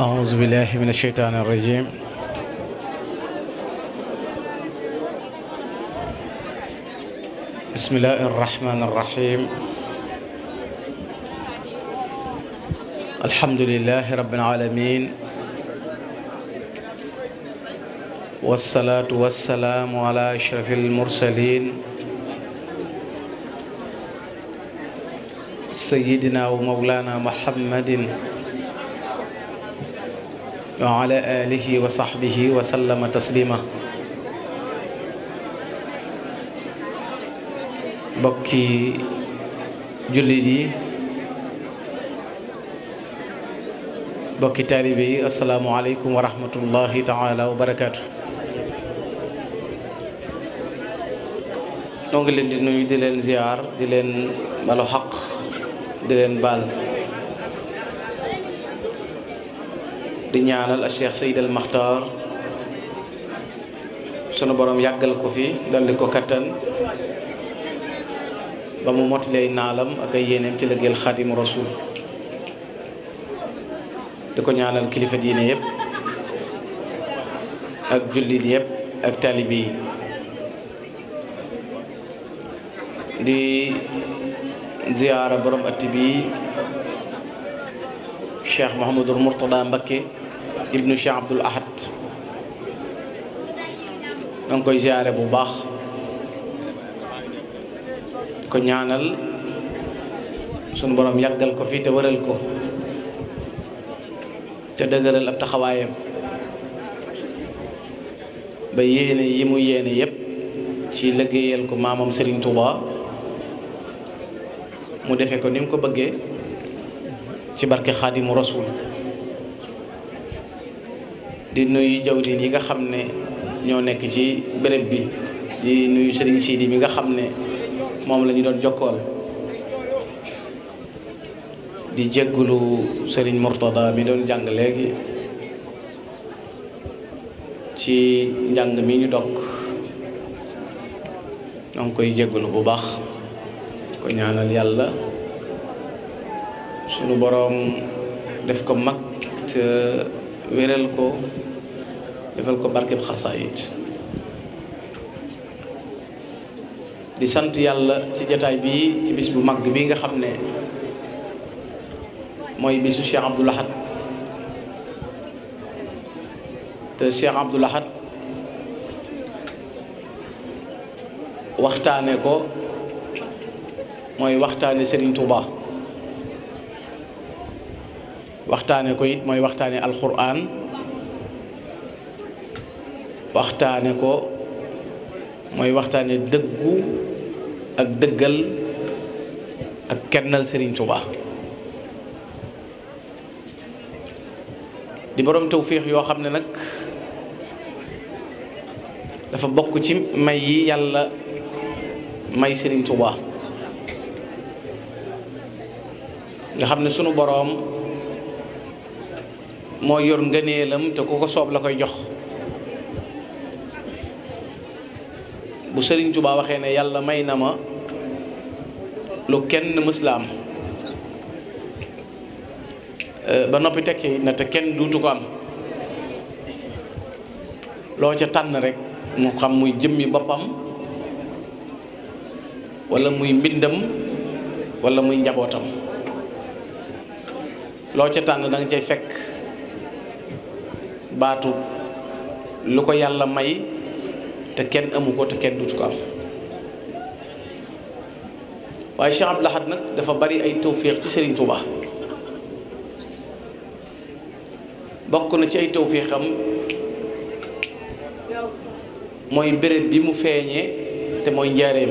أعوذ بالله من الشيطان الرجيم بسم الله الرحمن الرحيم الحمد لله رب العالمين والصلاة والسلام على أشرف المرسلين سيدنا ومولانا محمد wa ala alihi wa sahbihi wa sallama taslima bokki jullit yi bokki taalibe yi asalaamu aleykum wa rahmatullahi taala wa barakaatu noo ngi leen di nuyu di leen ziyaar di leen balu xaq di leen baal di ñaanal a Cheikh Seyd al Maxtaar sunu borom yàggal ko fi daldi ko kattan ba mu motilee naalam ak ay yéeneem ci liggéeyal Xaadimu Rasuul di ko ñaanal kilifa diine yëpp ak jullit yëpp ak taalibe yi di ziyaara borom atti bi Cheikh Mouhamadul Mourtada Mbakke ibnu Cheikh Abdoul Ahad da koy ziare bu baax ko ñaanal sunu boroom yàggal ko fii te wëral ko te dëgëral ab taxawaayam ba yéene yi mu yéene yépp ci liggéeyal ko maamam Serigne Touba mu defe ko ni mu ko bëggee ci barke Xaadimu Rasuul di nuyu jawriñ yi nga xam ne ñoo nekk ci bërëb bi di nuyu Serigne Sidi mi nga xam ne moom lañu doon jokkool di jéggulu sëriñ Mourtada mi doon jàng léegi ci njàng mi ñu dog ñoo ngi koy jéggulu bu baax ko ñaanal yàlla sunu boroom def ko mag te wéral ko defal ko barkeb xasaayit di sant yàlla ci jataay bii ci bis bu mag bii nga xam ne mooy bisu Cheikh Abdoul Ahad te Cheikh Abdoul Ahad waxtaane ko mooy waxtaane Serigne Touba waxtaane ko it mooy waxtaane alxuraan waxtaane ko mooy waxtaane dëggu ak dëggal ak kennal sëriñ Touba di borom tawféex yoo xam ne nag dafa bokk ci may yi yàlla may sëriñ Touba nga xam ne sunu boroom moo yor ngëneelam te ku ko soob la koy jox bu Sëriñ Tuubaa waxee ne yàlla may na ma lu kenn mës la am euh, ba noppi tekki na te kenn duutu ko am loo ca tànn rek mu xam muy jëmmi boppam walla muy mbindam walla muy njabootam loo ca tànn danga cay fekk baatu lu ko yàlla may te kenn amu ko te kenn dutu ko am waaye Cheikh Abdoul nag dafa bari ay tawféex ci Serigne Touba bokk na ci ay tawféexam mooy béréb bi mu feeñee te mooy njaareem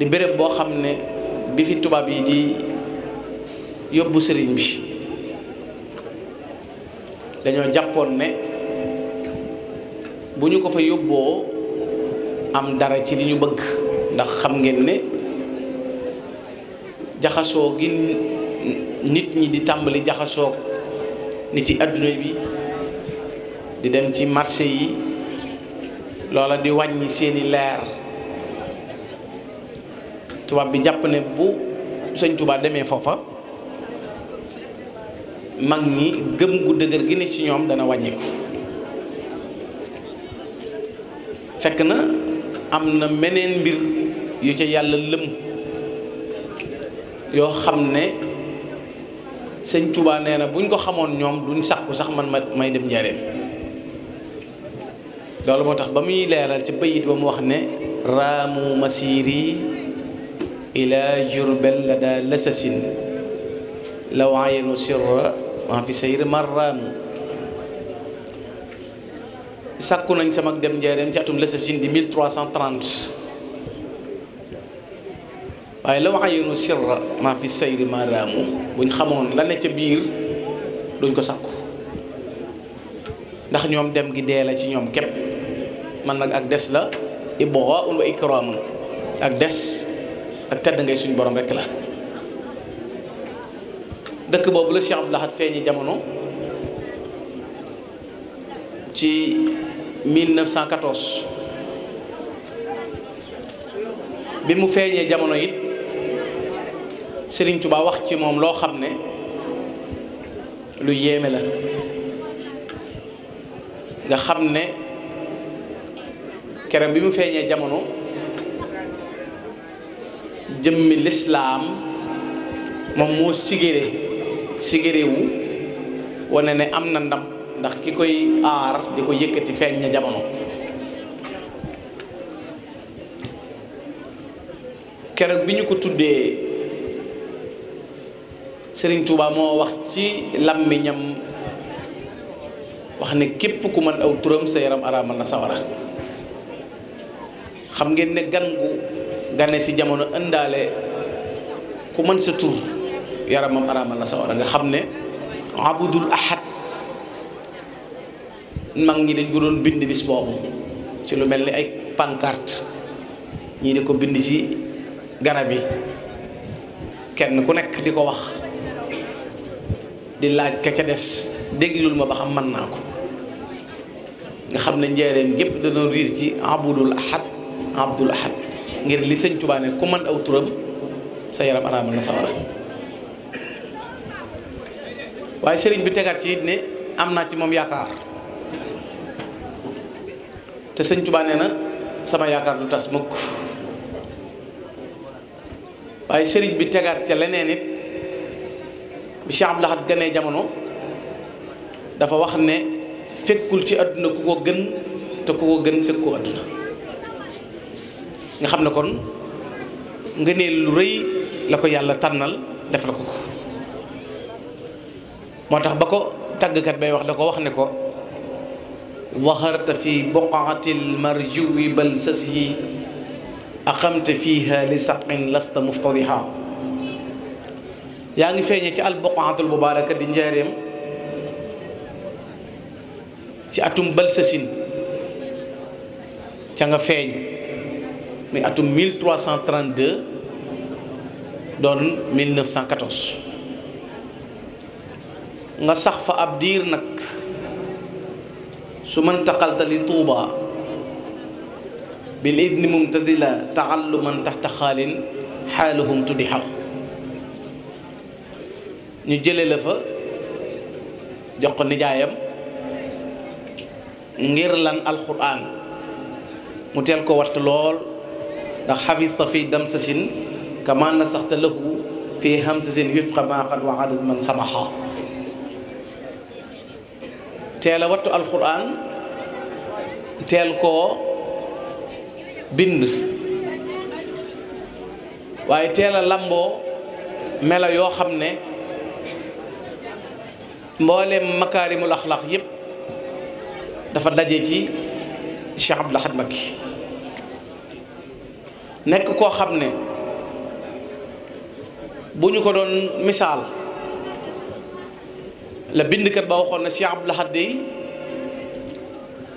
di béréb boo xam ne bi fi tubaab yi di yóbbu sëriñ bi dañoo jàppoon ne bu ñu ko fa yóbboo am dara ci li ñu bëgg ndax xam ngeen ne jaxasoo gi nit ñi di tàmbali jaxasoo nit ci àdduna bi di dem ci marché yi loola di wàññi seeni leer tubaab bi jàpp ne bu sëñ Tuubaa demee foofa mag ñi gëm gu dëgër gi ne ci ñoom dana wàññiku fekk na am na meneen mbir yu ca yàlla lëm yoo xam ne sëñ Touba nee na buñ ko xamoon ñoom duñ sàkku sax man may dem njariñ loolu moo tax ba muy leeral ci bayit ba mu wax ne raamu masiri ila jurbel la daa lësasin law ayenu sirra maa fi sayri marraamu sàkku nañ sama dem njaareem ci sa lësësin di 1330 waaye law ayinu sirra maa fi sayri marraamu buñ xamoon la ne ca biir duñ ko sàkku ndax ñoom dem gi dee la ci ñoom képp man nag ak des la ibwaa un wa ikraamun ak des ak tedd ngay suñ borom rekk la dëkk boobu la Cheikh Abdou Lahad feeñi jamono ci 1914 bi mu feeñee jamono it Serigne Touba wax ci moom loo xam ne lu yéeme la nga xam ne keroog bi mu feeñee jamono jëmmi lislaam moom moo sigéré sigéréwu wane ne am na ndam ndax ki koy aar di ko yëkkati feeñ jamono keroog bi ñu ko tuddee sëriñ Touba moo wax ci làmmiñam wax ne képp ku mën aw turam sa yaram araamal na sawara xam ngeen ne gan gu gane si jamono ëndaale ku mën sa tur yaramam araamal na sawara nga xam ne abudul ahad mag ñi dañ ko doon bind bis boobu ci lu mel ni ay pancarte ñii di ko bind ci garab yi kenn ku nekk di ko wax di laaj ka ca des déglul ma ba xam mën naa ko nga xam ne njaareem gépp da doon riir ci abudul ahad abdul ahad ngir li sëñ Tuubaa ne ku man aw turam sa yaram araamal na sawara waaye sëriñ bi tegaat ci it ne am naa ci moom yaakaar te sëñ Tuubaa na sama yaakaar lu tas mukk waaye sëriñ bi tegaat ca leneen it bi Cheikh Abdou Lahad ganee jamono dafa wax ne fekkul ci àdduna ku ko gën te ku ko gën fekkoo àdduna nga xam ne kon nga ne lu rëy la ko yàlla tànnal def la ko ko moo tax ba ko tàggkat bay wax da ko wax ne ko zaharta fi boqaati almarjuwi bal sasihi aqamte fiha li saqin lasta muftadiha yaa ngi feeñe ci al boqaatul mubaraka di njaareem ci atum bal sasin ca nga feeñ muy atum 1332 doon 1914 nga sax fa ab diir nag su ma taqalta li tuuba bil idni mumtadila taalluman taxta xaalin xaaluhum tuddi xaw ñu jële la fa jox ko nijaayam ngir lan alquran mu teel ko watt lool ndax xafista fi damsasin kamaa nasaxta lahu fi hamsasin wifqa maa qad waada man samaxa teel a wattu alxuraan teel ko bind waaye teel a lamboo melo yoo xam ne mboole mbooleem makaarimul axlaax yépp dafa daje ci Cheikh Abdou Lahad Mbacké nekk koo xam ne bu ñu ko doon misaal la bindkat ba waxoon na Cheikh Abdoul Ahad dey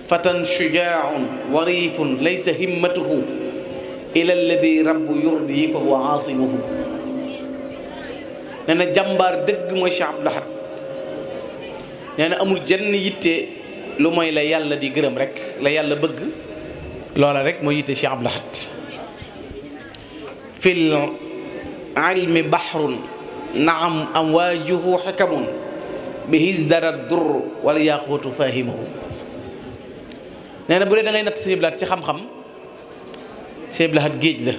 fatan shujaaun zarifun laysa himmatuhu ila alladi rabbu yurdi fa huwa aasimuhu nee na jàmbaar dëgg mooy Cheikh Abdoul Ahad nee na amul jenn yitte lu mooy la yàlla di gërëm rek la yàlla bëgg loola rek mooy yitte Cheikh Abdoul Ahad fil ilmi bahrun naam amwaajuhu xikamun bihis dara dur wala yaaxootu fahimahu nee na bu dee da ngay natt Sëñ Abdul Ahad ci xam-xam Sëñ Abdul géej la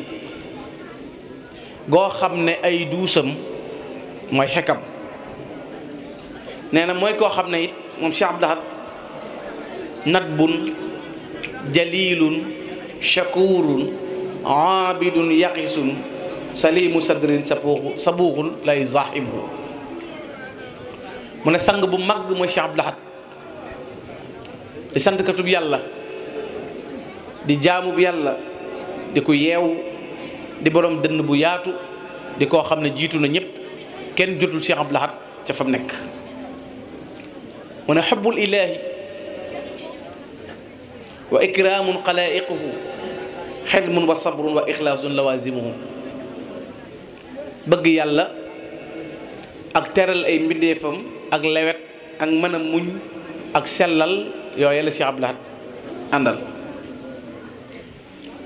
goo xam ne ay duusam mooy xekam nee na mooy koo xam ne it moom Cheikh Abdul Ahad natbun jalilun shakurun aabidun yaqisun salimu sadrin sabuuxul lay zaahimu mu ne sang bu mag mooy Cheikh Abdou laxat di sant yàlla di jaamub yàlla di ku yeewu di borom dënn bu yaatu di koo xam ne jiitu na ñëpp kenn jotul Cheikh Abdou laxat ca fam nekk mu ne xubbul ilaahi wa ikraamun xalaa'iquhu xelmun wa sabrun wa ixlaasun lawaasimuhu bëgg yàlla ak teral ay mbindeefam ak lewet ak mën a muñ ak sellal yooye la Cheikh Abdoul Ahad àndal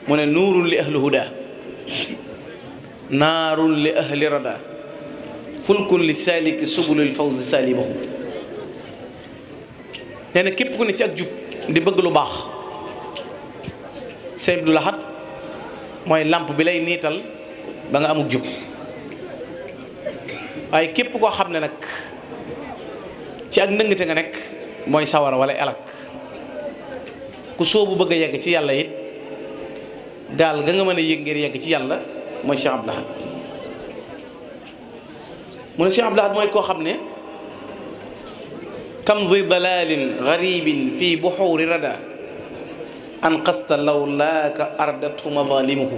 mu ne nuurun li ahli huda naarun li ahli rada fulkun li saaliki subulil fawzi saalimahu nee na képp ku ne ci ak jub di bëgg lu baax Cheikh Abdoul Ahad mooy làmp bi lay niital ba nga amuk jub waaye képp koo xam ne nag ci ak ndëngte nga nekk mooy sawara wala elak ku soobu bëgg a yegg ci yàlla yit gaal ga nga mën a yëg ngir yegg ci yàlla mooy Cheikh Abdou mu ne Cheikh Abdou mooy koo xam ne kam di dalalin garibin fi buxuuri rada an qasta law laaka ardathu madalimuhu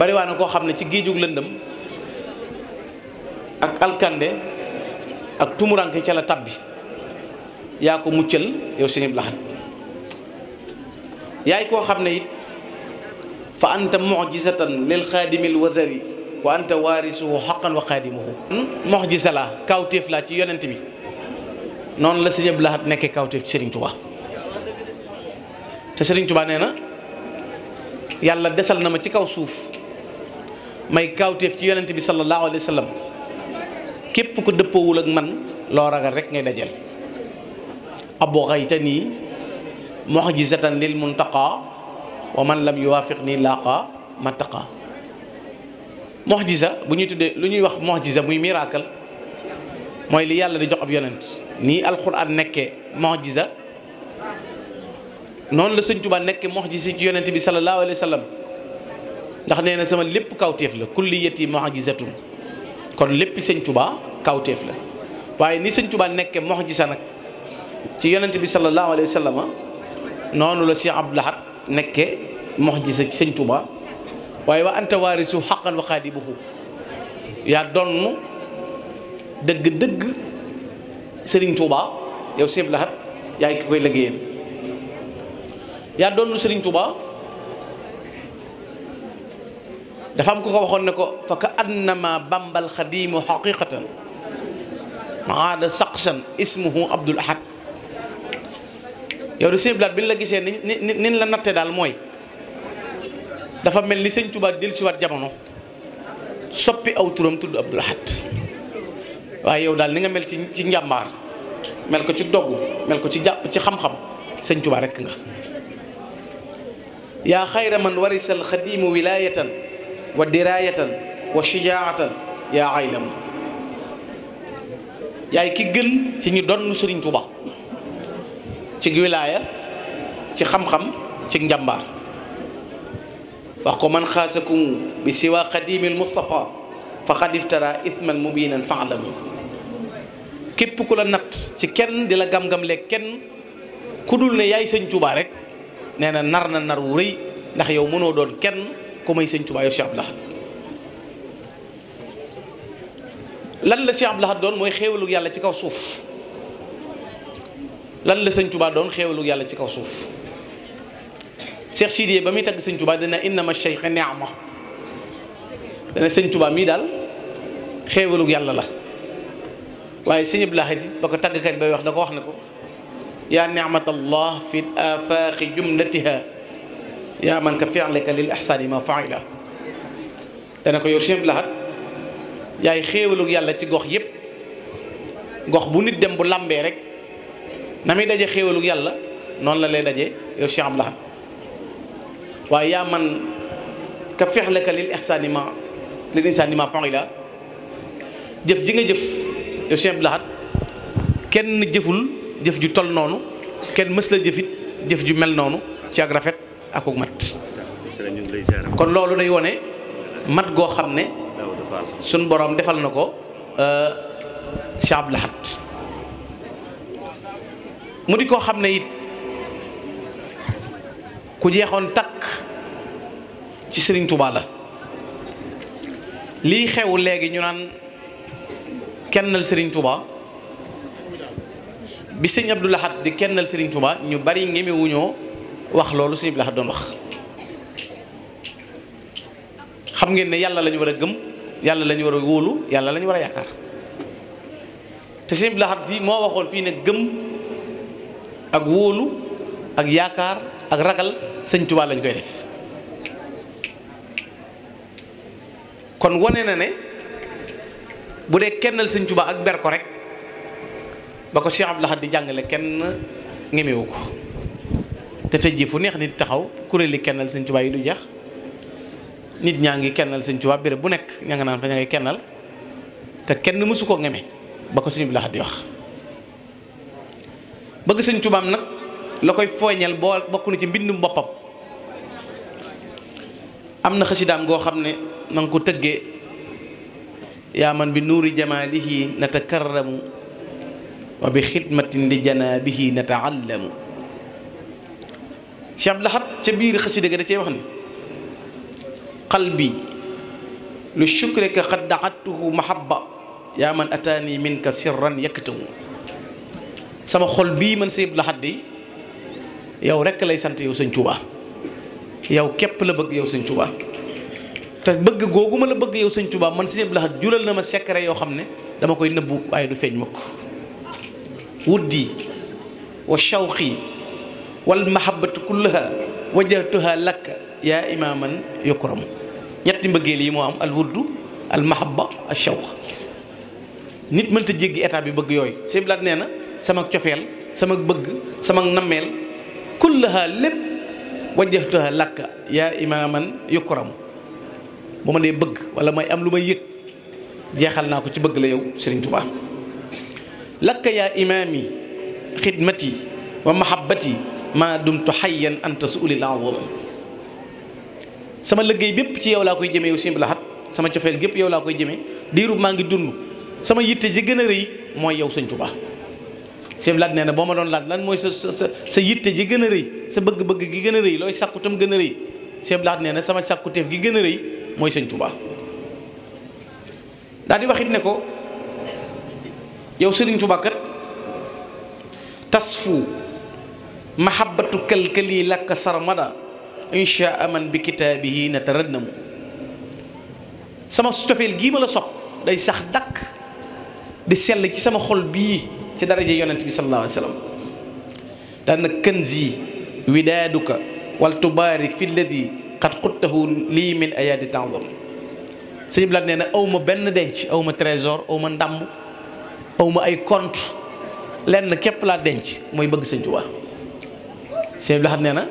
bari waa na koo xam ne ci géejug lëndëm ak alkande ak tumuranke ca la tab yaa ko muccal yow Sëñ Abdul yaay koo xam ne it fa anta mu'jizatan lil xaadimil wazari wa anta waarisuhu xaqan wa xaadimuhu mu'jiza la kawtéef laa ci yonent bi noonu la Sëñ Abdul Ahad nekkee kawtéef ci Sëriñ Tuubaa te Sëriñ Tuubaa nee na yàlla desal na ma ci kaw suuf may kawtéef ci yonent bi sallallahu alayhi wa képp ko dëppoowul ak man loo ragal rek ngay dajal aboxayta nii mu'jizatan lil muntaqa wa man lam yuwaafiq nii laaqa mattaqa mu'jiza bu ñuy tuddee lu ñuy wax mu'jiza muy miracle mooy li yàlla di jox ab yonent nii alxuraan nekkee mu'jiza noonu la sëñ Tuubaa nekkee mu'jiza ci yonent bi salallaahu alayhi wa sallam ndax nee na sama lépp kawtéef la kulliyati mu'jizatun kon lépp sëñ tubaa kawteef la waaye ni sëñ tubaa nekke mox ji sa nag ci yonent bi sallallahu alayhi wa sallam noonu la si ab laxat nekke mox ji sa ci sëñ tubaa waaye wa anta waarisu xaqan wa xaadibuhu yaa donn dëgg-dëgg sëriñ tubaa yow Cheikh Abdou Lahad yaay ki koy liggéeyal yaa donn sëriñ tubaa dafa am ko ko waxoon ne ko fa ka annama bambal xadiimu xaqiqatan maada saqsan ismuhu abdul ahad yow de sëñ bi la gisee ni ni la natte daal mooy dafa mel ni sëñ Tuubaa dellusiwaat jamono soppi aw turam tudd abdul ahad waaye yow daal ni nga mel ci ci njàmbaar mel ko ci dogg mel ko ci jàpp ci xam-xam sëñ Tuubaa rekk nga yaa xayra man warisal xadiimu wilaayatan wa diraayatan wa shijaatan yaa aylam yaay ki gën ci ñu donn sëriñ Tuuba ci wilaaya ci xam-xam ci njàmbaar wax ko man xaasakumu bi siwa qadimil Mustafa faqad iftara ithman mubinan faalamu képp ku la natt ci kenn di la gam-gamle kenn ku dul ne yaay sëñ Tuuba rek nee na nar na nar wu rëy ndax yow mënoo doon kenn ku may sëñ Tuubaa yor Cheikh lan la Cheikh Abdou Lahad doon mooy xéewalu yàlla ci kaw suuf lan la sëñ doon xéewalu yàlla ci kaw suuf Cheikh Sidiye ba muy tagg sëñ Tuubaa dana innama cheikh neama dana mii daal xéewalu yàlla la waaye sëñ Abdou Lahad it ba ko tàggkat bay wax da ko wax ne ko yaa neamatallah fi afaaqi jumlatiha yaa man ka fi'laka lil ihsaani ma fa'ila te ne ko yow Cheikh Lahad yaay xéewalug yàlla ci gox yépp gox bu nit dem bu làmbee rek na muy daje xéewalug yàlla noonu la lay daje yow Cheikh Lahad waaye man ka fi'laka lil ihsaani ma lil jëf ji nga jëf yow Cheikh Lahad kenn jëful jëf ju tol noonu kenn mës la jëfit jëf ju mel noonu ci ak rafet akuk mat kon loolu day wone mat goo xam ne suñ boroom defal na ko euh, Cheikh Abdou mu di koo xam ne it ku jeexoon takk ci Sëriñ Tuubaa la lii xew léegi ñu naan kennal Sëriñ Tuubaa bi sëñ du laxat di kennal Sëriñ Tuubaa ñu bari ñemewuñoo wax loolu sëñ bi la doon wax xam ngeen ne yàlla lañu ñu war a gëm yàlla lañu ñu war a wóolu yàlla lañu ñu war a yaakaar te sëñ bi la fii moo waxoon fii ne gëm ak wóolu ak yaakaar ak ragal sëñ Tuubaa lañ koy def kon wane na ne bu dee kennal sëñ Tuubaa ak ber ko rek ba ko Cheikh laxat di jàngale kenn ñemewu ko te tëj ji fu neex nit taxaw kuréeli kennal sëñ Tuubaa yi du jeex nit ñaa ngi kennal sëñ Tuubaa béréb bu nekk ña nga naan fa ña kennal te kenn mësu ko ngeme ba ko suñu bi di wax bëgg sëñ Tuubaam nag la koy fooñal boo bokk na ci mbindum boppam am na xasidaam goo xam ne nanga ko tëggee yaa bi nuuri jamaalihi natakarramu wa bi xidmatin li janaabihi nataallamu Cheikh Abdou ca biir xasida ga da cee wax ni qalbi lu shukrika qad daatuhu mahabba yaa man ataani minka sirran yakkatahu sama xol bii man Sëñ Abdou Lahad di yow rekk lay sant yow Sëñ Tuubaa yow képp la bëgg yow Sëñ Tuubaa te bëgg googu ma la bëgg yow Sëñ Tuubaa man Sëñ Abdou Lahad jural na ma secret yoo xam ne dama koy nëbbu waaye du feeñ mukk wuddi wa shawqi wal mahabbatu kullaha wajahtuha lakk yaa imaaman yukramu ñetti mbëggeel yi moo am al wurdu al mahabba al shawq nit mënta jéggi état bi bëgg yooyu sëñ Blaat nee na sama cofeel sama bëgg sama nammeel kullaha lépp wajahtuha lakk yaa imaaman yukramu bu ma dee bëgg wala may am lu may yëg jeexal naa ko ci bëgg la yow Serigne Touba lakk yaa imaami xidmati wa mahabbati maa yenn xayyan anta suulil azam sama liggéey bépp ci yow laa koy jëmee yow Sëñ Abdou sama cofeel gépp yow laa koy jëmee diirub maa ngi dund sama yitte ji gën a rëy mooy yow Sëñ Tuubaa Sëñ Abdou na boo ma doon laaj lan mooy sa sa ji gën rëy sa bëgg-bëgg gi gën a rëy looy sàkku gën a rëy Sëñ Abdou nee na sama sàkkuteef gi gën a rëy mooy Sëñ Tuubaa daal di waxit ne ko yow Sëriñ Tuubaa kat tasfu mahabbatu kalkali lakka sarmada insha aman bi na nataradnamu sama cofeel gii ma la sopp day sax dakk di sell ci sama xol bii ci daraja yonent bi sallallahu alayhi wa sallam daan na kanzi widaaduka wal tubaarik fi lladi qad xuttahu lii min ayaadi nee na awma benn denc awma trésor awma ndàmb awma ay compte lenn képp laa denc mooy bëgg sëñ Tuubaa sëñ bi laxat nee na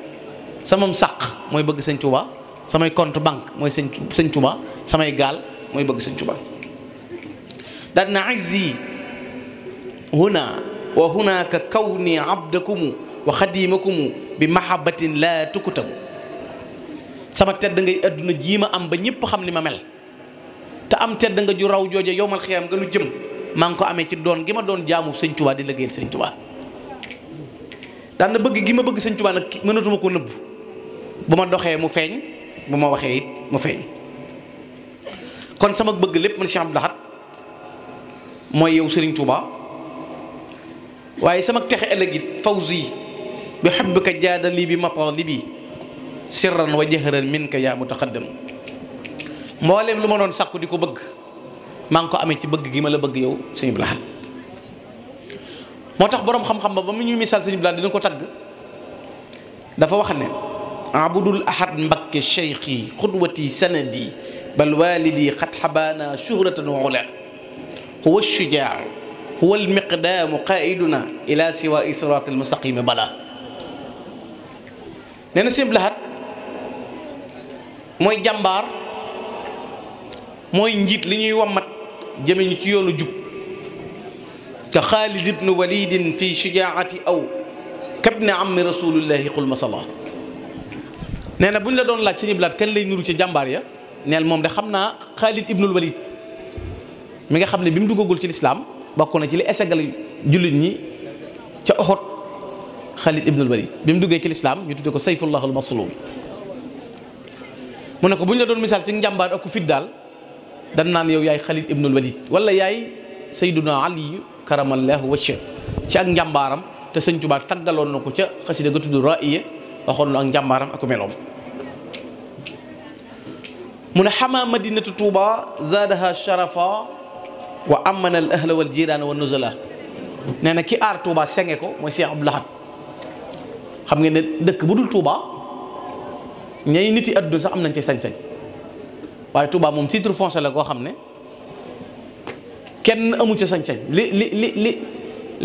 samam sàq mooy bëgg sëñ Touba samay compte banque mooy sëñ sëñ samay gaal mooy bëgg sëñ Touba daal na azzi huna wa hunaka kawni abdakumu wa xadimakumu bi mahabatin la tukutabu sama tedd ngay àdduna jii ma am ba ñëpp xam ni ma mel te am tedd nga ju raw jooje yowmal xiyaam nga lu jëm maa ngi ko amee ci doon ngi ma doon jaamu sëñ Touba di liggéeyal sëñ Touba daan na bëgg gi ma bëgg sëñ Tuubaa nag mënatuma ko nëbb bu ma doxee mu feeñ bu ma waxee it mu feeñ kon sama bëgg lépp man Cheikh Abdou Lahad mooy yow sëriñ Tuubaa waaye sama texe ëllëg it fawzi bi hubbika jaadali bi matalibi sirran wa jahran minka yaa mutaqaddam mbooleem lu ma doon sàkku di ko bëgg maa ngi ko amee ci bëgg gi ma la bëgg yow sëñ Abdou moo tax boroom xam-xam ba ba mu ñuy misaal sëñ Bilal dina ko tagg dafa wax ne abudul ahad mbakke cheikhi xudwati sanadi bal walidi xat xabaana shuhratan wa ula huwa shujaa huwa almiqdaamu qaaiduna ila siwa sirat almustaqimi bala nee na sëñ Bilal mooy jàmbaar mooy njiit li ñuy wammat jëme ñu ci yoonu jub ka xaalid ibnu walidin fi shujaati aw kabni ammi rasulillahi xul masala nee na bu ñu la doon laaj sëñ Blaat kan lay nuru ci jàmbaar ya neel moom de xam naa xaalid ibnul walid mi nga xam ne bi mu duggagul ci lislaam bokk na ci li esegal jullit ñi ca oxot xaalid ibnul walid bi mu duggee ci lislaam ñu tudde ko sayfullah al maslul mu ne ko bu ñu la doon misaal ci njàmbaar ak ku fit daal dan naan yow yaay xaalid ibnul walid wala yaay sayduna ali karamallahu wacca ci ak njàmbaaram te sëñ Tuubaa taggaloon na ko ca xasida ga tudd waxoon na ak njàmbaaram ak meloom mu ne xamaa madinatu Tuuba zaadaha sharafa wa amana al ahla wa nuzala nee na ki aar Tuuba senge ko mooy Cheikh Abdou Lahad xam ngeen dëkk bu dul Tuuba ñay nit yi àdduna sax am nañ ci sañ-sañ waaye Tuuba moom titre foncier la koo xam ne kenn amu ca sañ-sañ li li li li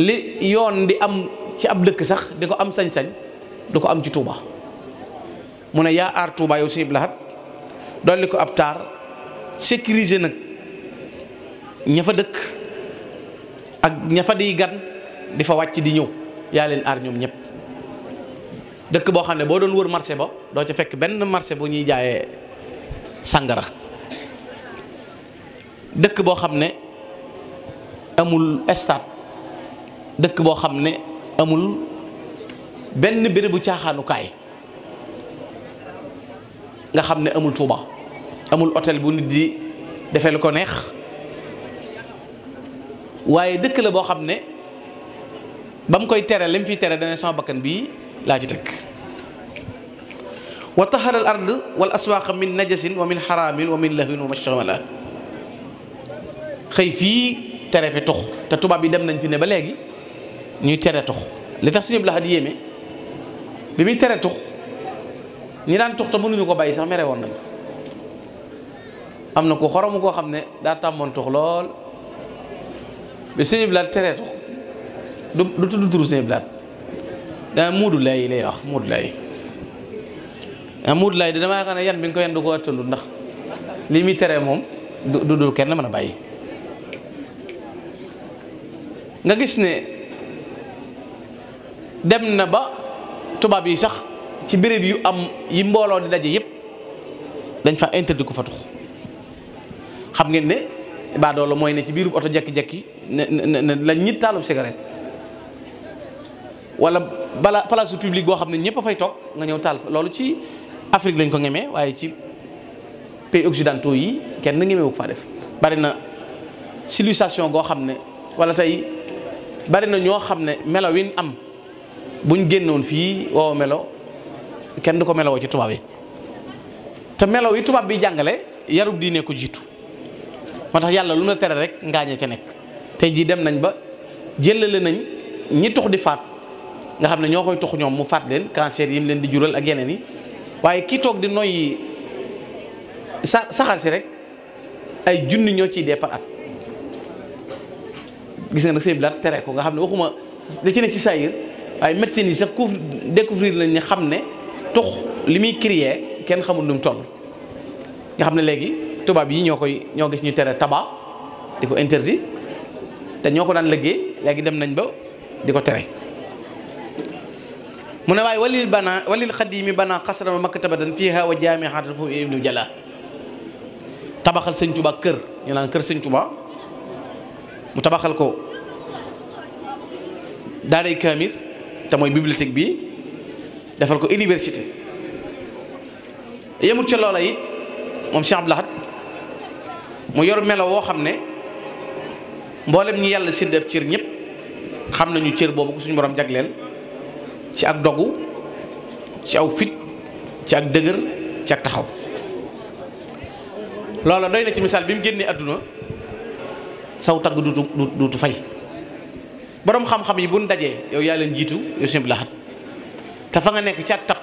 li yoon di am ci ab dëkk sax di ko am sañ-sañ du ko am ci tuuba mu ne yaa aar Touba yow Sëñ Lahat dolli ko ab taar sécuriser nag ña fa dëkk ak ña fa di gan di fa wàcc di ñëw yaa leen aar ñoom ñëpp dëkk boo xam ne boo doon wër marché ba doo ca fekk benn marché bu ñuy jaayee sàngara dëkk boo xam ne amul stade dëkk boo xam ne amul benn bérébu caaxaanukaay nga xam ne amul Touba amul hôtel bu nit di defee lu ko neex waaye dëkk la boo xam ne bam koy tere li fi fiy tere dana sama bakkan bii laa ci teg wa tahara ard wal aswaaq min najasin wa min xaraamin wa min lahwin wa mashtamala xëy fii tere fi tux te tubaab yi dem nañ fi ne ba léegi ñuy tere tux li tax suñu di yéeme bi muy tere tux ñi daan tux te mënuñu ko bàyyi sax mere woon nañ am na ku xoromu koo xam ne daa tàmmoon tux lool bi sëñ bi tux du du tudd turu sëñ bi laat daa muudu lay lay wax muudu lay daa muudu lay di damaa xam ne yan bi nga ko yan du ko ëttalu ndax lii muy tere moom du du kenn mën a bàyyi nga gis ne dem na ba tubaab yi sax ci béréb yu am yi mbooloo di daje yépp dañ fa interdit ko fa tux xam ngeen ne baadoolo mooy ne ci biiru oto jekki-jekki ne ne la ñit taalub cigarette wala bala place publique boo xam ne ñëpp a fay toog nga ñëw taal loolu ci Afrique lañ ko ngemee waaye ci pays occidentaux yi kenn ngemewu ko faa def bari na civilisation goo xam ne wala tey bari na ñoo xam ne melo win am buñ génnoon fii woow melo kenn du ko melowoo ci tubaab yi te melo yi tubaab bi jàngale yarub diine ko jiitu moo tax yàlla lu la tere rek ngaañe ca nekk tey jii dem nañ ba jëlale nañ ñi tux di faat nga xam ne ñoo koy tux ñoom mu faat leen cancer yi leen di jural ak yeneen yi waaye kii toog di noyyi sa saxaar si rek ay junni ñoo ciy dee at gis nga nag sëñ bi daal tere ko nga xam ne waxuma da ci ne ci saayir waaye médecins yi sax couvre découvrir lañ ñu xam ne tux li muy crier kenn xamul nu mu toll nga xam ne léegi tubaab yi ñoo koy ñoo gis ñu tere tabac di ko interdit ñoo ko daan liggéey léegi dem nañ ba di ko tere mu ne waaye walil bana walil xadimi bana xasran wa maktabatan fiha wa jaamiatan foofu ibnu jala tabaxal sëñ Tuba kër ñu naan kër sëñ Tuba mu tabaxal ko daaray kaamir te mooy bibliothèque bi defal ko université yemut ca loola it moom Cheikh Abdou Lahad mu yor melo woo xam ne mboolem ñi yàlla sédd ab cër ñëpp xam nañu cër boobu ko suñu borom jagleel ci ak dogu ci aw fit ci ak dëgër ci ak taxaw loola doy na ci misaal bi mu génnee àdduna saw tagg dutu dutu fay boroom xam-xam yi bu dajee yow yaa leen jiitu yow sëñ bi laxat nga nekk ci ak tab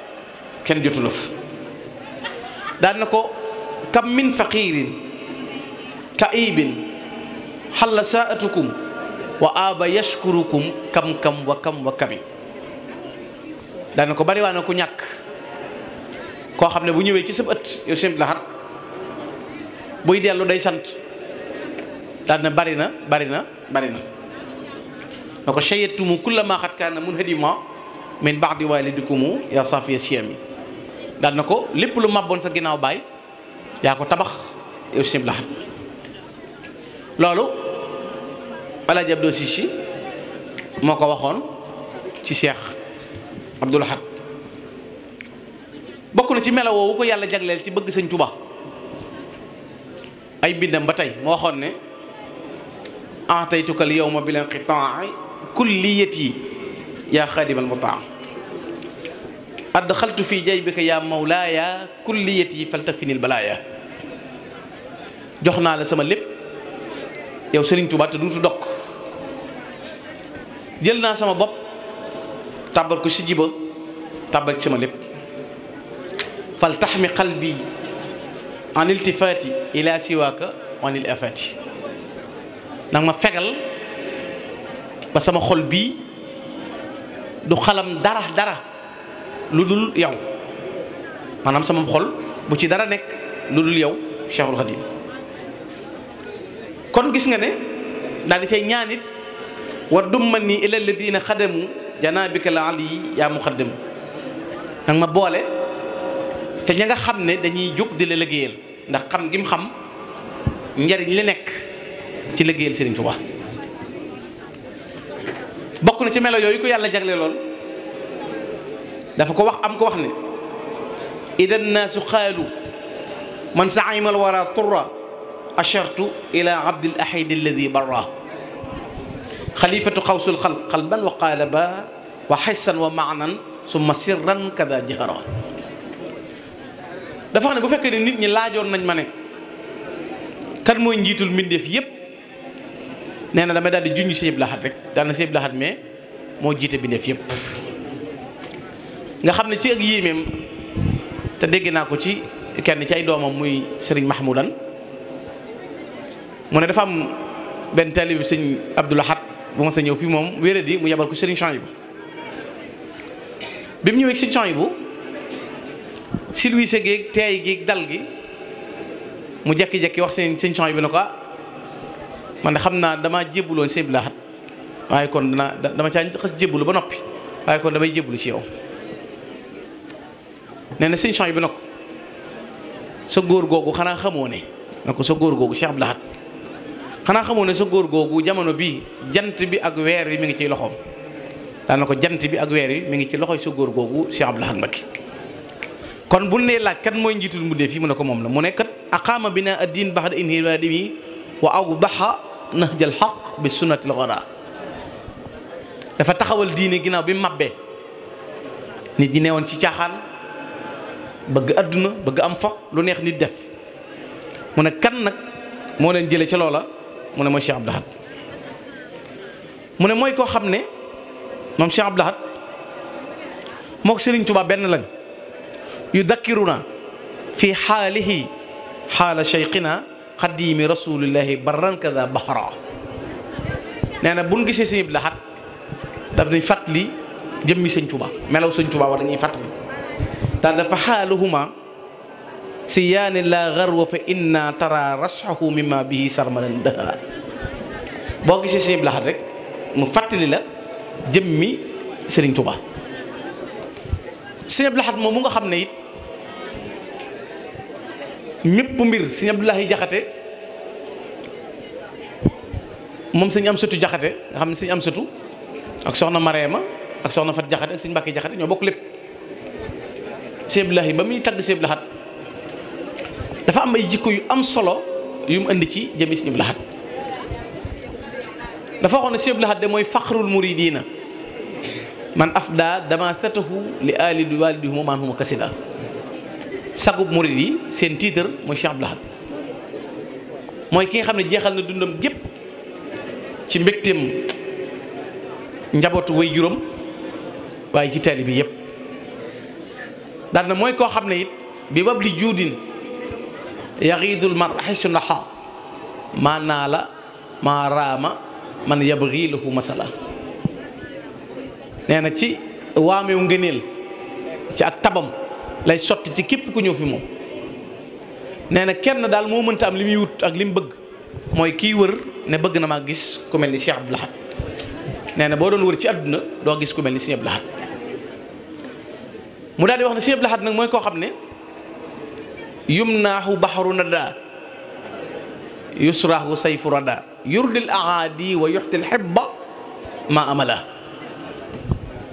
kenn jotula la fa daan na ko kam min faqiirin kaibin xalla saatukum wa aba yashkurukum kam kam wa kam wa kami daan ko bari na ku ñàkk koo xam ne bu ñëwee ci sa ëtt yow sëñ bi buy dellu day sant daal na bari na bari na bari na na ko shayatumu kulla ma xat kaana mun hadima min baax di waaye li dikkumu yaa safiya siyam yi daal na ko lépp lu màbboon sa ginnaaw baay yaa ko tabax yow sëñ laxat loolu Alaaji Abdou Sisi moo ko waxoon ci Cheikh Abdou Lahat bokk na ci melawoo wu ko yàlla jagleel ci bëgg sañ Tuba ay bindam ba tey moo waxoon ne ataytuka al yawma bil inqitaai kulliyati yaa xaadimal mutaa adxaltu fi jaybika yaa mawlaaya kulliyati faltafinil balaaya jox naa la sama lépp yow Serigne Touba te duutu dokk jël naa sama bopp tàbbal ko si jiba tàbbal ci sama lépp faltaxmi qalbi an iltifaati ila siwaaka an il afaati nanga ma fegal ba sama xol bii du xalam dara dara lu dul yow maanaam sama xol bu ci dara nekk lu dul yow Cheikhul Khadim kon gis nga ne daal di say ñaanit wa dumma nii ila alladina xadamu janabika la ali yaa muqaddam nanga ma boole te ña nga xam ne dañuy jóg di la liggéeyal ndax xam gi mu xam njariñ li nekk ci liggéeyal Serigne Touba bokk na ci melo yooyu ko yàlla jagle lool dafa ko wax am ko wax ne ida nnaasu xaalu man saimal wara turra ashartu ila abdil ahid alladi barra xalifatu xawsul xalq xalban wa qaalaba wa xissan wa maanan summa kada jahara dafa xam ne bu fekkee ne nit ñi laajoon nañ ma ne kan mooy njiitul mbindeef yépp nee na damay daal di junj sëñ Abdou Lahad rek daal na sëñ Abdou Lahad moo jiite bindeef yëpp nga xam ne ci ak yéemeem te dégg naa ko ci kenn ci ay doomam muy sëriñ Mahmoudan mu ne dafa am benn taalibe sëñ Abdou Lahad bu ma sa ñëw fii moom wéradi mu yabal ko sëriñ Chouaïbou bi mu ñëwee sëriñ Chouaïbou silwiise géeg teey géeg dal gi mu jekki-jekki wax sëñ sëñ Chouaïbou ne ko man de xam naa damaa jébbuloon sëñ bi laxat waaye kon dana dama caa xas jébbulu ba noppi waaye kon damay jébbulu ci yow nee na sëñ change bi na ko sa góor googu xanaa xamoo ne na ko sa góor googu Cheikh Abdou Lahad xanaa xamoo ne sa góor googu jamono bii jant bi ak weer wi mu ngi ci loxoom daan na ko jant bi ak weer wi mu ngi ci loxoy sa góor googu Cheikh Abdou Lahad Mbacké kon bu nee laaj kat mooy njiitul mbindeef yi mu ne ko moom la mu ne kat aqaama bina ad-diin ba'da inhidaamihi nahjal xaq bi sunnatil wara dafa taxawal diine ginnaaw bi mabbee nit ñi woon ci caaxaan bëgg àdduna bëgg am fo lu neex nit def mu ne kan nag moo leen jële ci loola mu ne mooy Cheikh Abdou Lahad mu ne mooy koo xam ne moom Cheikh Abdou Lahad mook Sëriñ Tuubaa benn lañ yu dakkiru na fi xaalihi xaala cheyqina xaddiimi rasuulillaahi barran kada baxra nee na bu ñu gisee sëñ Abdou Lahad daf nañ fàttali jëmmi sëñ Tuubaa melaw sëñ Tuubaa wala ñuy fàttali daal dafa xaaluhuma si yaani laa garwa fa inna tara rashahu mimma bihi sarmalan daha boo gisee sëñ Abdou Lahad rek mu fàttali la jëmmi sëriñ Tuubaa sëñ Abdou Lahad moom mu nga xam ne it mépp mbir sëñ Abdoulahi Jaxate moom sëñ am sëtu Jaxate nga xam ne sëñ am sëtu ak soxna Mareema ak soxna Fat Jaxate ak sëñ Mbàkke Jaxate ñoo bokk lépp sëñ Abdoulahi ba muy tagg sëñ Abdou dafa am ay jikko yu am solo yu mu indi ci jëmi sëñ Abdou Lahad dafa waxoon ne sëñ Abdou Lahad de mooy faqrul muridiina man afda dama satahu li ali walidihuma man huma kasida sagub murid yi seen titre mooy Cheikh Abdou Lahad mooy ki nga xam ne jeexal na dundam gépp ci mbégteem njabootu way juróom waaye ci taalibe bi yëpp daal mooy koo xam ne it bi bab li juudin yaxiidul mar xesu naxa maa naa la maa raama man yabgi lahu masala nee na ci waamew ngëneel ci ak tabam lay sotti ci képp ku ñëw fi moom nee na kenn daal moo mënta am li muy wut ak li mu bëgg mooy kii wër ne bëgg na maa gis ku mel ni Cheikh Abdou Lahad nee na boo doon wër ci àdduna doo gis ku mel ni Cheikh Abdou Lahad mu daal di wax ne Cheikh Abdou Lahad nag mooy koo xam ne yumnaahu baxaru nada yusrahu sayfu rada yurdil ahaadi wa yuxtil xibba ma amala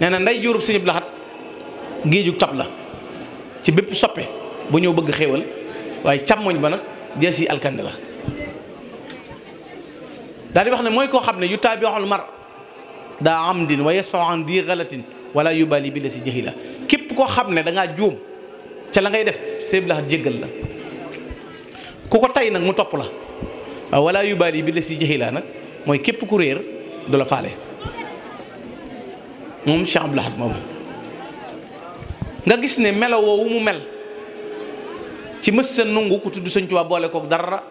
nee na nday juurub Sëñ Abdou Lahad géejug tab la ci bépp soppe bu ñëw bëgg xéewal waaye càmmoñ ba nag jees yi alkande la daal di wax ne mooy koo xam ne yu taabioxal mar daa amdin din yasfau an di galatin wala yubali bi la si jëhi la képp koo xam ne dangaa juum ca la ngay def seeb la jéggal la ku ko tay nag mu topp la waaw wala yubali bi la si jëhi la nag mooy képp ku réer du la faale moom Cheikh Abdoul Ahad moom nga gis ne melo woowu mu mel ci mës sa nungu ku tudd Sëñ Tuubaa boole kook dara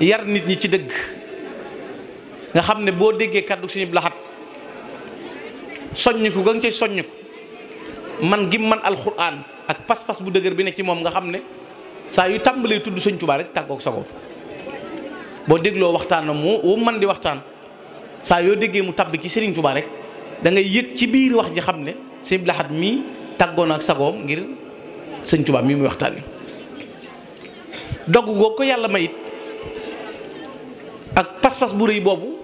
yar nit ñi ci dëgg nga xam ne boo déggee kàddu Sëñ Abdu Lahat ga nga cay soññ man gi man alxuraan ak pas-pas bu dëgër bi ne ci moom nga xam ne saa yu tudd Sëñ Tuubaa rek tàggook boo dégloo waxtaan mu wu man di waxtaan saa yoo déggee mu tàbb ci Sëriñ Tuubaa rek da ngay yëg ci biir wax ji xam ne Sëñ Abdu mii tàggoon ak sagoom ngir sëñ Tuubaa mi muy waxtaane dogg goo ko yàlla may ak pas-pas bu rëy boobu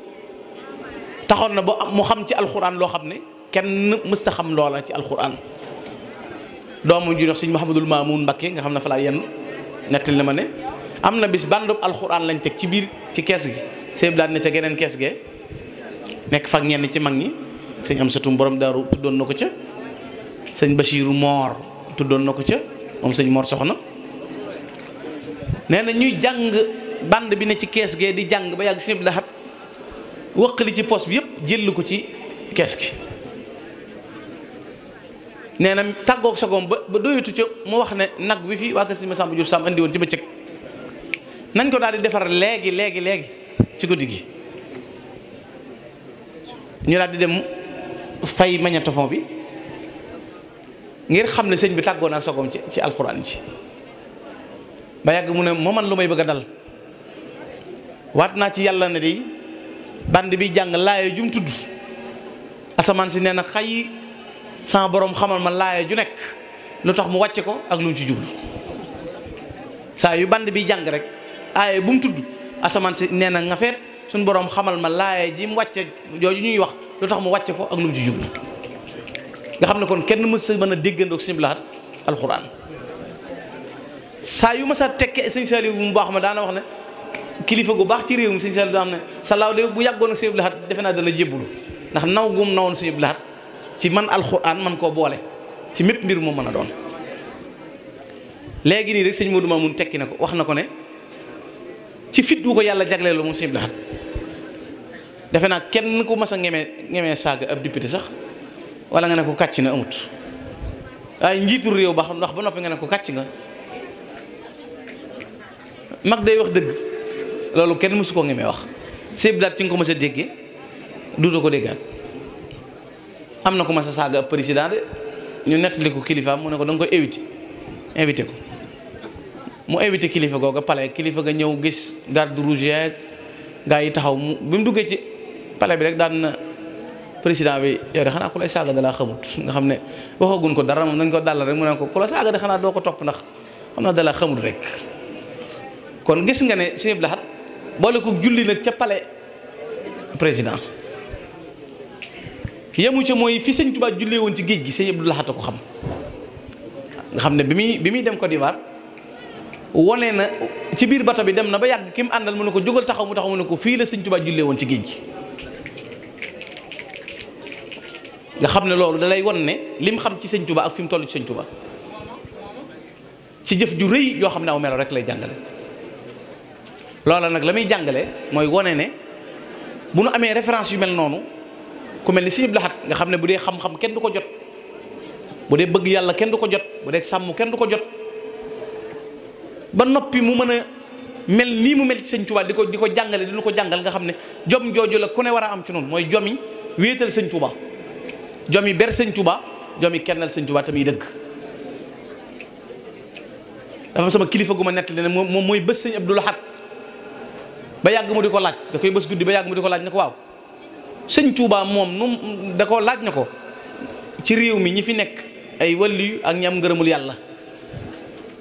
taxoon na ba mu xam ci alxuraan loo xam ne kenn mës ta xam loola ci alxuraan doomu ju dox sëñ Mouhamadul Mamoun Mbakke nga xam ne fa laa yenn nettali na ma ne am na bis bandub alxuraan lañ teg ci biir ci kees gi sëñ ne ca geneen kees gee nekk fa ñenn ci mag ñi sëñ am satum borom daaru tuddoon na ko ca sëñ Bachiru Moor tuddoon na ko ca moom sëñ Moor soxna nee na ñuy jàng band bi ne ci kees gee di jàng ba yàgg sëñ Abdou Lahad wëq li ci poos bi yëpp jël ko ci kees gi nee na tàggoog sagoom ba ba doyatu ca mu wax ne nag wi fi waa kër sëñ Masamba Jóob Samb andi woon ci bëccëg nañ ko daal di defar léegi léegi léegi ci guddi gi ñu daal di dem fay mañetofon bi ngir xam ne sëñ bi tàggoo naa sogoom ci ci alxuraan ci ba yàgg mu ne moo man lu may bëgg a dal waat naa ci yàlla ne di band bi jàng laaya jum tudd asamaan si nee na xay sama borom xamal ma laaya ju nekk lu tax mu wàcce ko ak lu ci jublu saa yu band bi jàng rek aaya bu mu tudd asamaan si nee na nga feet suñ borom xamal ma laaya ji mu wàcce jooju ñuy wax lu tax mu wàcce ko ak lu mu ci jublu nga xam ne kon kenn mës sa mën a déggandoog sëñ Abdou alxuraan saa yu ma sa tekkee sëñ Saliou bu baax ma daana wax ne kilifa gu baax ci réew mi sëñ daa xam bu yàggoon ak sëñ defe naa dana jébbulu ndax naw gum nawoon sëñ Abdou ci man alxuraan man koo boole ci mépp mbir mu mën a doon léegi rek sëñ Modou tekki na ko wax na ko ne ci yàlla jagleel la defe naa kenn ku mas a ngemee ngemee saaga ab député sax wala nga ne ko kacc na amut waaye njiitu réew ba ndox ba noppi nga ne ko kàcc nga mag day wax dëgg loolu kenn mësu koo ngemee wax séeb ci nga ko mës a déggee ko déggaat am na ko mës a saaga ab président de ñu nettali ko kilifaam mu ne ko danga koy évité invité ko mu invité kilifa googa pale kilifa ga ñëw gis garde rouge gaa yi taxaw mu bi mu duggee ci pale bi rek daan président bi yow de xanaa ku lay saaga da xamut nga xam ne waxagun ko dara moom dañ ko dàll rek mu ne ko ku la saaga de xanaa doo ko topp ndax xam naa da xamut rek kon gis nga ne Sëñ Abdou Lahad boole ko julli nag ca palais président yemu ca mooy fi Sëñ Tuubaa jullee woon ci géej gi Sëñ Abdou ko xam xam ne bi muy bi muy dem Côte d'Ivoire wone na ci biir bato bi dem ba yàgg ki àndal mu ne ko jógal taxaw mu taxaw mu ne ko fii la Sëñ Tuubaa jullee woon ci géej gi nga xam ne loolu dalay wan ne lim xam ci sëñ Tuba ak fi mu toll ci sëñ Tuba ci jëf ju rëy yoo xam ne aw melo rek lay jàngale loola nag la muy jàngale mooy wane ne bu nu amee référence yu mel noonu ku mel ni si Abdou Lahad nga xam ne bu dee xam-xam kenn du ko jot bu dee bëgg yàlla kenn du ko jot bu dee sàmm kenn du ko jot ba noppi mu mën a mel nii mu mel ci sëñ Tuba di ko di ko jàngale di nu ko jàngal nga xam ne jom jooju la ku ne war a am ci noonu mooy jomi wéetal sëñ jom yi ber sëñ Tuba jom yi kennal sëñ Tuba tamit dëgg dafa sama kilifa gu ma nettali ne moom moom mooy bés sëñ Abdou Lahad ba yàgg mu di ko laaj da koy bés ba yàgg mu di ko laaj ne ko waaw sëñ Tuuba moom nu da laaj na ko ci réew mi ñi fi nekk ay waliyu ak ñi am ngërëmul yàlla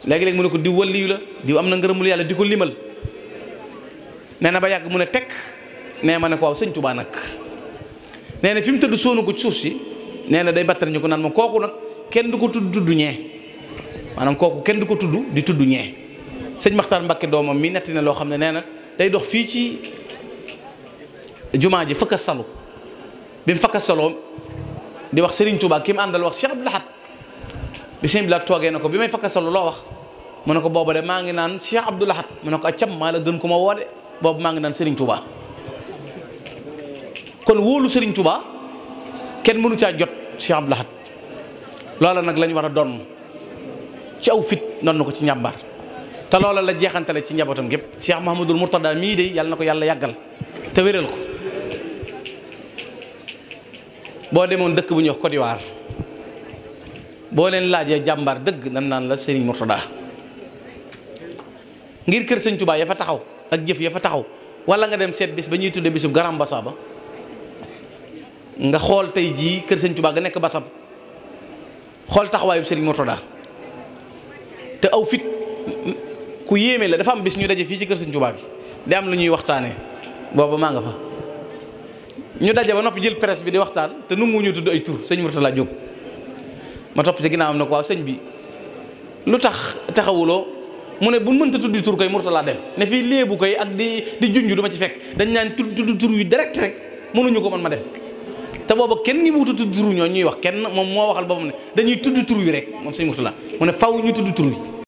léegi-léegi mu ne ko diw waliyu la diw am na ngërëmul yàlla di ko limal nee na ba yàgg mu ne teg nee ma ne ko waaw sëñ Tuuba nag nee na fi mu tëdd sóonu ko suuf si nee na day battal ko naan ma kooku nag kenn du ko tudd tudd ñee maanaam kooku kenn du ko tudd di tudd ñee sëñ Maxtaar Mbakke doomam mi netti na loo xam ne nee na day dox fii ci jumaa ji fakka salu bi mu fakka saloo di wax sëriñ Touba ki mu àndal wax Cheikh Abdou bi sëñ toogee na ko bi may fakka salu loo wax mu ne ko booba de maa ngi naan Cheikh Abdou Lahad mu ne ko accam maa la gën ko ma woo de boobu maa ngi naan Serigne Touba kon wóolu Serigne kenn mënu caa jot Cheikh Abdou Lahad loola nag lañ war a doon ci aw fit noonu na ko ci njàmbaar te loola la jeexantale ci njabootam gépp Cheikh Mahamadul Mourtada mii de yàlla na ko yàlla yàggal te wéral ko boo demoon dëkk bu ñuy wax Côte d'Ivoire boo leen laajee jàmbaar dëgg nan naan la Serigne Mourtada ngir kër Sëñ Tuubaa ya fa taxaw ak jëf ya fa taxaw walla nga dem seet bis ba ñuy tudde bisub Garam Bassa nga xool tey jii kër sëñ Tuubaa ga nekk basam xool taxawaayu sëriñ Murtada te aw fit ku yéeme la dafa am bis ñu daje fii ci kër sëñ Tuubaa bi di am lu ñuy waxtaanee booba maa nga fa ñu daje ba noppi jël presse bi di waxtaan te nu mu ñu tudd ay tur sëñ Murtada jóg ma topp ci am na ko waaw sëñ bi lu tax taxawuloo mu ne bu mënta tuddi tur koy Murtada dem ne fii léebu koy ak di di junj du ci fekk dañ naan tudd tur wi direct rek mënuñu ko man ma dem te booba kenn ni mu wut tudd tur ñoo ñuy wax kenn moom moo waxal boppam ne dañuy tudd tur wi rek moom sëñ Mourtala mu ne faw ñu tudd tur wi